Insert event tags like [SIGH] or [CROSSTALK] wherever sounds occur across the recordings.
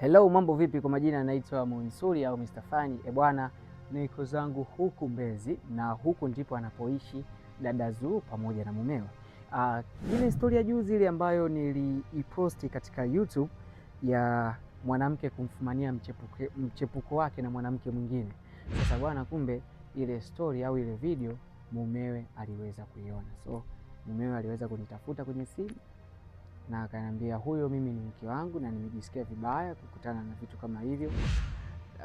Hello, mambo vipi? Kwa majina anaitwa Munsuri au Mr. Fani. E bwana, niko zangu huku Mbezi na huku ndipo anapoishi dada Zuu pamoja na mumewe. Uh, ile historia juzi ile ambayo niliiposti katika YouTube ya mwanamke kumfumania mchepuke, mchepuko wake na mwanamke mwingine. Sasa bwana, kumbe ile story au ile video mumewe aliweza kuiona, so mumewe aliweza kunitafuta kwenye simu na akaniambia huyo mimi ni mke wangu na nimejisikia vibaya kukutana na vitu kama hivyo.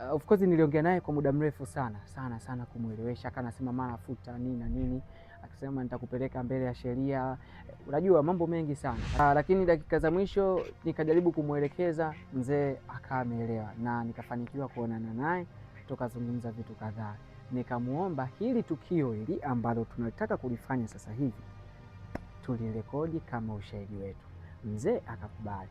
Uh, of course niliongea naye kwa muda mrefu sana sana sana kumwelewesha, akanasema mara futa nini na nini, akasema nitakupeleka mbele ya sheria, uh, unajua mambo mengi sana uh, lakini dakika za mwisho nikajaribu kumwelekeza mzee, akawa ameelewa na nikafanikiwa kuonana naye, tukazungumza vitu kadhaa, nikamwomba hili tukio hili ambalo tunataka kulifanya sasa hivi tulirekodi kama ushahidi wetu. Mzee akakubali.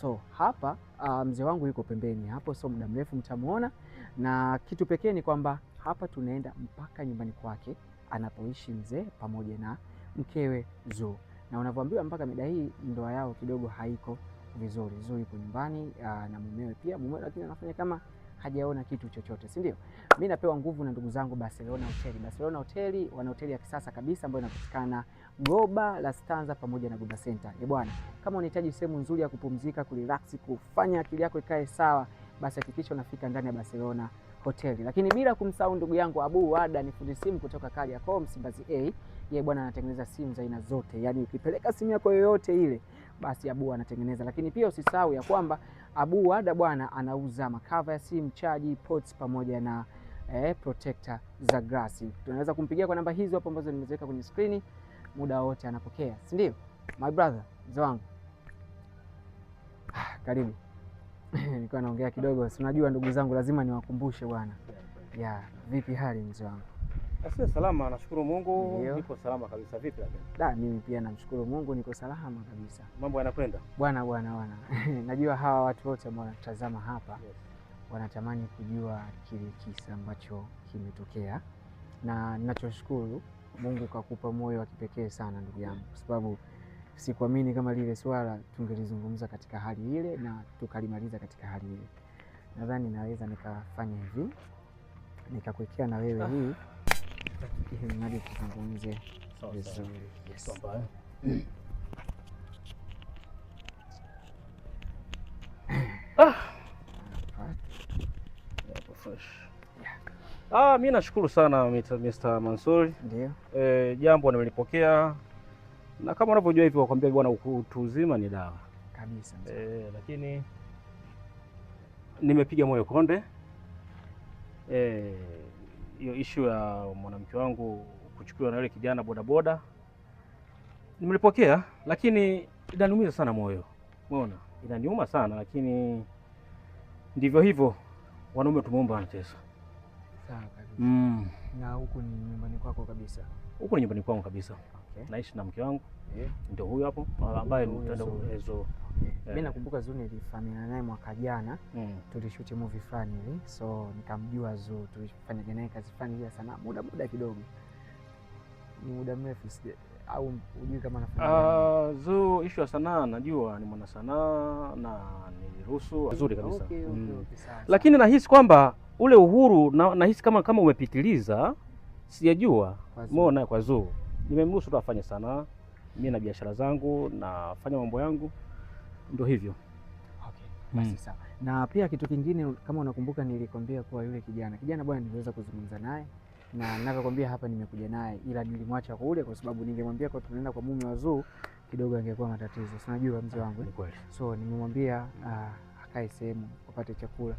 So hapa uh, mzee wangu yuko pembeni hapo, so muda mrefu mtamwona, na kitu pekee ni kwamba hapa tunaenda mpaka nyumbani kwake anapoishi mzee pamoja na mkewe Zuu, na unavyoambiwa mpaka mida hii ndoa yao kidogo haiko vizuri. Zuu yuko nyumbani uh, na mumewe pia mumewe, lakini anafanya kama hajaona kitu chochote, si ndio? Mimi napewa nguvu na ndugu zangu Barcelona Hoteli. Barcelona Hoteli wana hoteli ya kisasa kabisa ambayo inapatikana Goba la Stanza pamoja na Goba Center. Eh bwana, kama unahitaji sehemu nzuri ya kupumzika, kurelax, kufanya akili yako ikae sawa, basi hakikisha unafika ndani ya Barcelona hoteli lakini bila kumsahau ndugu yangu Abu Wada ni fundi simu kutoka Kariakoo Msimbazi A. Yeye bwana anatengeneza simu za aina zote, yaani ukipeleka simu yako yoyote ile, basi Abu anatengeneza. Lakini pia usisahau ya kwamba Abu Wada bwana anauza makava ya simu, chaji, ports pamoja na eh, protector za glasi. Tunaweza kumpigia kwa namba hizo hapo ambazo nimeziweka kwenye skrini muda wote anapokea, si ndio? My brother, mzee wangu, ah, karibu. [LAUGHS] Nilikuwa naongea kidogo, si unajua ndugu zangu lazima niwakumbushe bwana. Yeah, vipi hali mzee wangu? Asante, ah, salama, nashukuru Mungu. Niko salama kabisa. Vipi lakini? Da, mimi pia namshukuru Mungu niko salama kabisa. Mambo yanakwenda? Bwana bwana bwana. [LAUGHS] Najua hawa watu wote ambao wanatazama hapa wanatamani kujua kile kisa ambacho kimetokea na ninachoshukuru Mungu kakupa moyo wa kipekee sana ndugu yangu, kwa sababu sikuamini kama lile swala tungelizungumza katika hali ile na tukalimaliza katika hali ile. Nadhani naweza nikafanya hivi, nikakuwekea na wewe hii ah. ili mradi tuzungumze vizuri. Ah, mi nashukuru sana Mr. Mansuri. Ndio. Eh, jambo nimelipokea na kama unavyojua hivyo wakwambia bwana, utu uzima ni dawa kabisa. Eh, lakini nimepiga moyo konde e, hiyo eh, ishu ya mwanamke wangu kuchukuliwa na yule kijana bodaboda nimelipokea, lakini inaniumiza sana moyo, umeona, inaniuma sana lakini ndivyo hivyo, wanaume tumeomba wanatesa Sawa kabisa. Mm. Na huku ni nyumbani kwako kabisa? Huku ni nyumbani kwangu kabisa. Okay. Naishi na mke wangu. Yeah. Ndio huyu hapo ambaye mtanda hizo. Eh, eh. Mimi nakumbuka Zuu nilifahamiana naye mwaka jana. Mm. Tulishuti movie fulani hivi. So nikamjua Zuu, tulifanya naye kazi fulani ya sanaa muda muda kidogo. Ni muda mrefu au ujui kama anafanya uh, zuu ishu ya sanaa? Najua ni mwana sanaa na niruhusu vizuri kabisa. okay, okay, mm. okay, lakini nahisi kwamba ule uhuru na, nahisi kama kama umepitiliza, sijajua mona kwa zuu nimemruhusu tu afanye sanaa, mi na biashara zangu nafanya mambo yangu, ndio hivyo. Basi mm. Sawa. Na pia kitu kingine kama unakumbuka, nilikwambia kuwa yule kijana kijana bwana, niliweza kuzungumza naye na ninavyokwambia hapa nimekuja naye, ila nilimwacha kule kwa sababu ningemwambia kwa tunaenda kwa mume wa Zuu kidogo angekuwa matatizo, si unajua mzee wangu. Eh? So nimemwambia uh, akae sehemu wapate chakula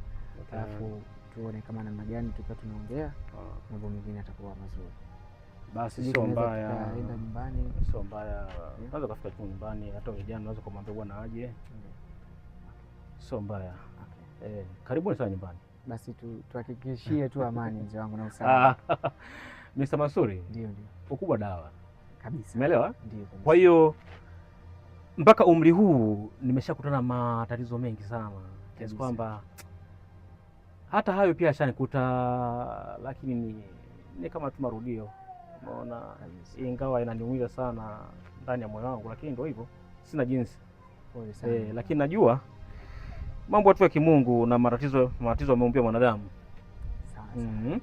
alafu tuone kama namna gani tukiwa tunaongea ah. mambo mengine atakuwa mazuri. Basi sio mbaya, enda nyumbani, sio mbaya, eh? unaweza kufika tu nyumbani, hata vijana unaweza kumwambia bwana aje, sio mbaya. Eh, karibuni sana nyumbani basi tuhakikishie tu amani mzee wangu na usalama. Ah, [LAUGHS] Mr. Mansuri, ndio ndio, ukubwa dawa kabisa, umeelewa? Ndio. Kwa hiyo mpaka umri huu nimeshakutana matatizo mengi sana kiasi kwamba hata hayo pia ashanikuta, lakini ni, ni kama tu marudio, unaona, ingawa inaniumiza sana ndani ya moyo wangu, lakini ndio hivyo, sina jinsi eh, lakini najua mambo tu ya kimungu na matatizo matatizo ameumbia mwanadamu. Mhm.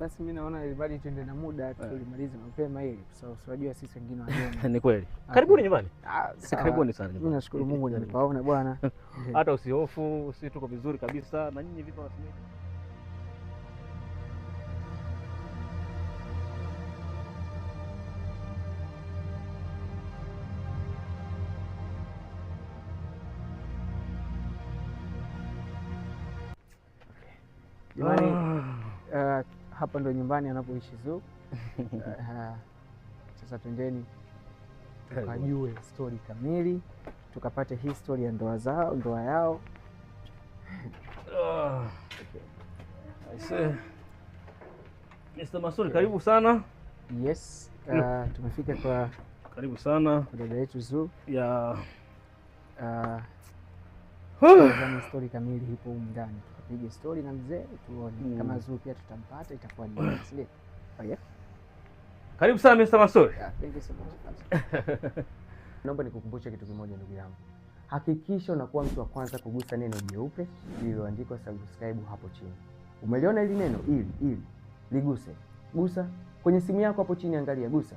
basi mimi naona ilibidi tuende na muda eh. tulimalize mapema ili kwa sababu tunajua sisi wengine wageni. [LAUGHS] Ni kweli. Ah, karibuni nyumbani. Ah, karibuni sana nyumbani. Mimi nashukuru Mungu [LAUGHS] nilipaona bwana. Hata usihofu, sisi tuko vizuri kabisa na nyinyi vipi wasimamizi? Jamani, ah. uh, hapa ndo nyumbani anapoishi Zuchu. [LAUGHS] Uh, uh, sasa twendeni tukajue stori kamili, tukapate histori ya ndoa zao, ndoa yao. Ah. Okay. Mr. Masudi, karibu sana. Yes, uh, tumefika kwa karibu sana kwa dada yetu Zuchu ya yeah. Uh, stori kamili ipo humu ndani tupige stori na mzee tuone mm. kama zuri pia tutampata itakuwa ni ndio. [CLEARS THROAT] Karibu sana Mr. Masori. Yeah, thank you so much. [LAUGHS] Naomba nikukumbushe kitu kimoja ndugu yangu. Hakikisha unakuwa mtu wa kwanza kugusa neno jeupe lililoandikwa subscribe hapo chini. Umeliona hili neno ili ili liguse. Gusa kwenye simu yako hapo chini, angalia, gusa.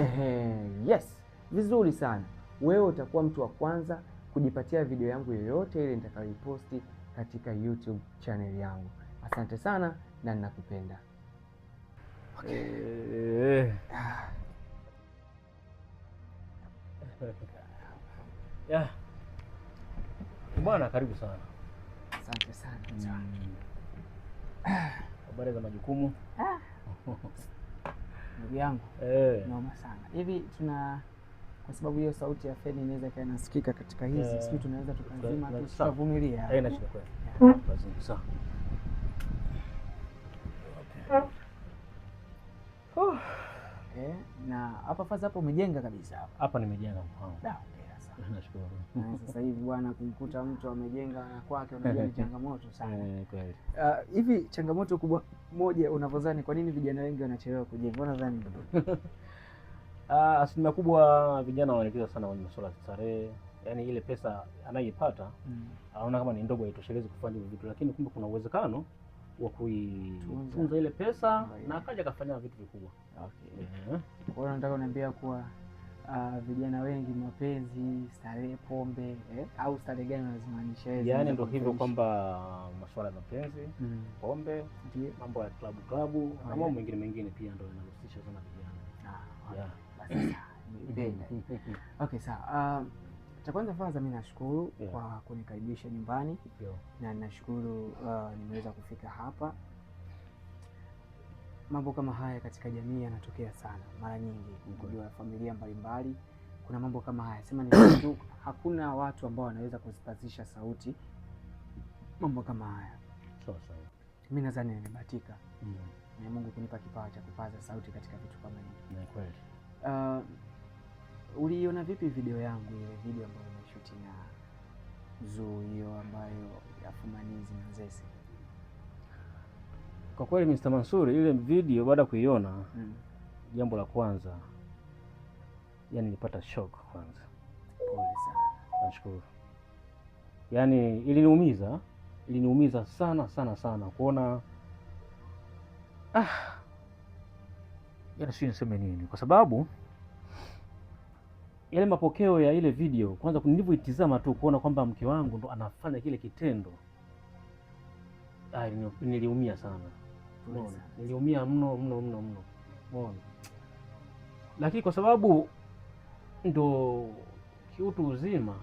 Ehe, yes. Vizuri sana. Wewe utakuwa mtu wa kwanza kujipatia video yangu yoyote ile nitakayoiposti katika YouTube channel yangu. Asante sana na ninakupenda. Okay. Eh. [LAUGHS] Ya. Bwana karibu sana. Asante sana. Mm. Habari za majukumu? Ah. [LAUGHS] Ndugu yangu. Eh. Noma sana. Hivi tuna kwa sababu hiyo sauti ya feni inaweza ikawa inasikika katika hizi yeah. Sisi tunaweza tukazima tu, tukavumilia na hapa faza hapo umejenga kabisa hapa. Hapa nimejenga [LAUGHS] Nashukuru. sasa hivi bwana, kumkuta mtu amejenga na kwake unajua ni [LAUGHS] changamoto sana. Eh, kweli. Uh, hivi changamoto kubwa moja unavyodhani kwa nini vijana wengi wanachelewa kujenga? Unadhani ndio? [LAUGHS] Ah, asilimia kubwa vijana wanaelekeza sana kwenye masuala ya starehe, yaani ile pesa anayepata mm. anaona kama ni ndogo, haitoshelezi kufanya hivyo vitu, lakini kumbe kuna uwezekano wa kuitunza ile pesa Mbaya. na akaja akafanya vitu vikubwa. Okay. Yeah. Kwa nataka kuniambia kuwa Uh, vijana wengi mapenzi, starehe, pombe eh? au starehe gani unazimaanisha? Yaani ndo hivyo kwamba masuala ya mapenzi mm. pombe, mambo ya klabu klabu na mambo mengine mengine pia ndio yanahusisha sana vijana ah, yeah nimeipenda. Okay, sawa. Um, cha kwanza faza, mimi nashukuru yeah, kwa kunikaribisha nyumbani yeah, na nashukuru uh, nimeweza kufika hapa. Mambo kama haya katika jamii yanatokea sana mara nyingi, kujua familia mbalimbali kuna mambo kama haya, sema ni kitu hakuna watu ambao wanaweza kuzipazisha sauti mambo kama haya. Sawa sawa, mimi nadhani nimebahatika, mm, Mungu kunipa kipawa cha kupaza sauti katika vitu kama hivi. Ni kweli. Uh, uliiona vipi video yangu ile video ambayo nimeshuti na Zuu hiyo ambayo ya Fumanizi na Zesi? Kwa kweli Mr. Mansuri, ile video baada ya kuiona mm. Jambo la kwanza yani nilipata shock kwanza. Pole sana. Nashukuru. Yaani iliniumiza, iliniumiza sana sana sana kuona ah yani sio niseme nini, kwa sababu yale mapokeo ya ile video, kwanza nilivyoitizama tu kuona kwamba mke wangu ndo anafanya kile kitendo, ah, niliumia sana, unaona, niliumia mno mno mno mno, unaona. Lakini kwa sababu ndo kiutu uzima,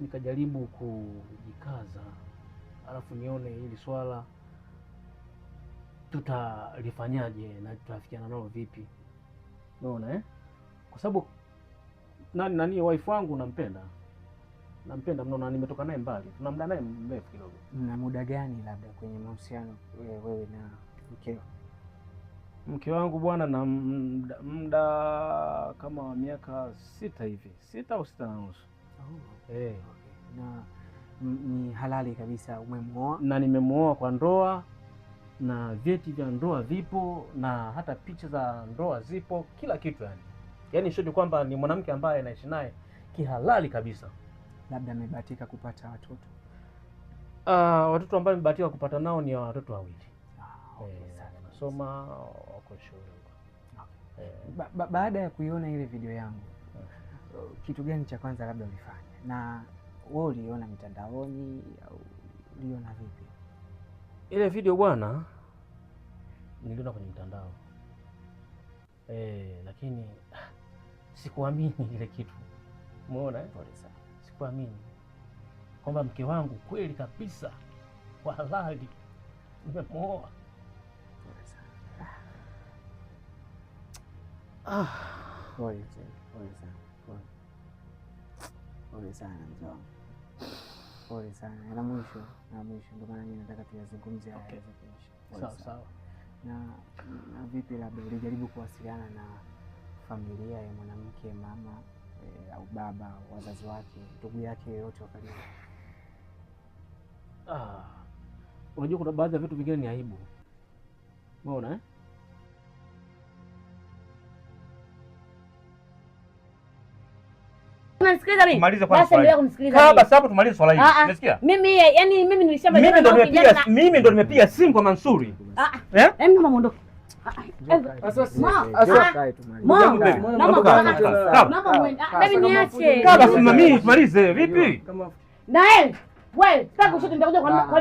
nikajaribu kujikaza, alafu nione hili swala tutalifanyaje na tutafikiana nao vipi? Unaona eh? Kwa sababu nani nani, wife wangu nampenda, nampenda mno na nimetoka naye mbali, tuna muda naye mrefu kidogo. na muda gani labda kwenye mahusiano wewe na mkeo? Mke wangu bwana, na muda, muda kama miaka sita hivi, sita au sita na nusu. Oh, hey. Okay. Eh. Na ni halali kabisa umemwoa? Na nimemwoa kwa ndoa na vyeti vya ndoa vipo na hata picha za ndoa zipo, kila kitu yani. Yaani sio kwamba ni mwanamke ambaye anaishi naye kihalali kabisa. Labda amebahatika kupata watoto. Ah, uh, watoto ambao amebahatika kupata nao ni watoto wawili. Ah, okay, eh, wako shule. Eh. Ba ba baada ya kuiona ile video yangu eh. uh, kitu gani cha kwanza labda ulifanya? Na wewe uliona mitandaoni au uliona vipi? Ile video bwana, niliona kwenye mtandao e, lakini [LAUGHS] sikuamini ile kitu. Umeona, eh? pole sana, sikuamini kwamba mke wangu kweli kabisa kwa halali nimemwoa. [SIGHS] Ah. Pole sana, pole sana, pole sana mzee wangu. Pole sana na mwisho na mwisho, ndio maana nataka tuyazungumze okay. Sawa sawa. Na, na vipi, labda ulijaribu kuwasiliana na familia ya mwanamke, mama e, au baba, wazazi wake, ndugu yake yoyote wa karibu? Ah, unajua kuna baadhi ya vitu vingine ni aibu, umeona eh? unanisikiliza mimi? Tumalize kwanza swali. Basi kumsikiliza. Ah, ah. Kaba hapo tumalize swala hili. Unasikia? Mimi yani mimi nilishamaliza. Mimi ndo nimepiga mimi ndo nimepiga simu kwa Mansuri. Ah ah. Eh? Mimi mama ondoke. Kaba tumalize vipi?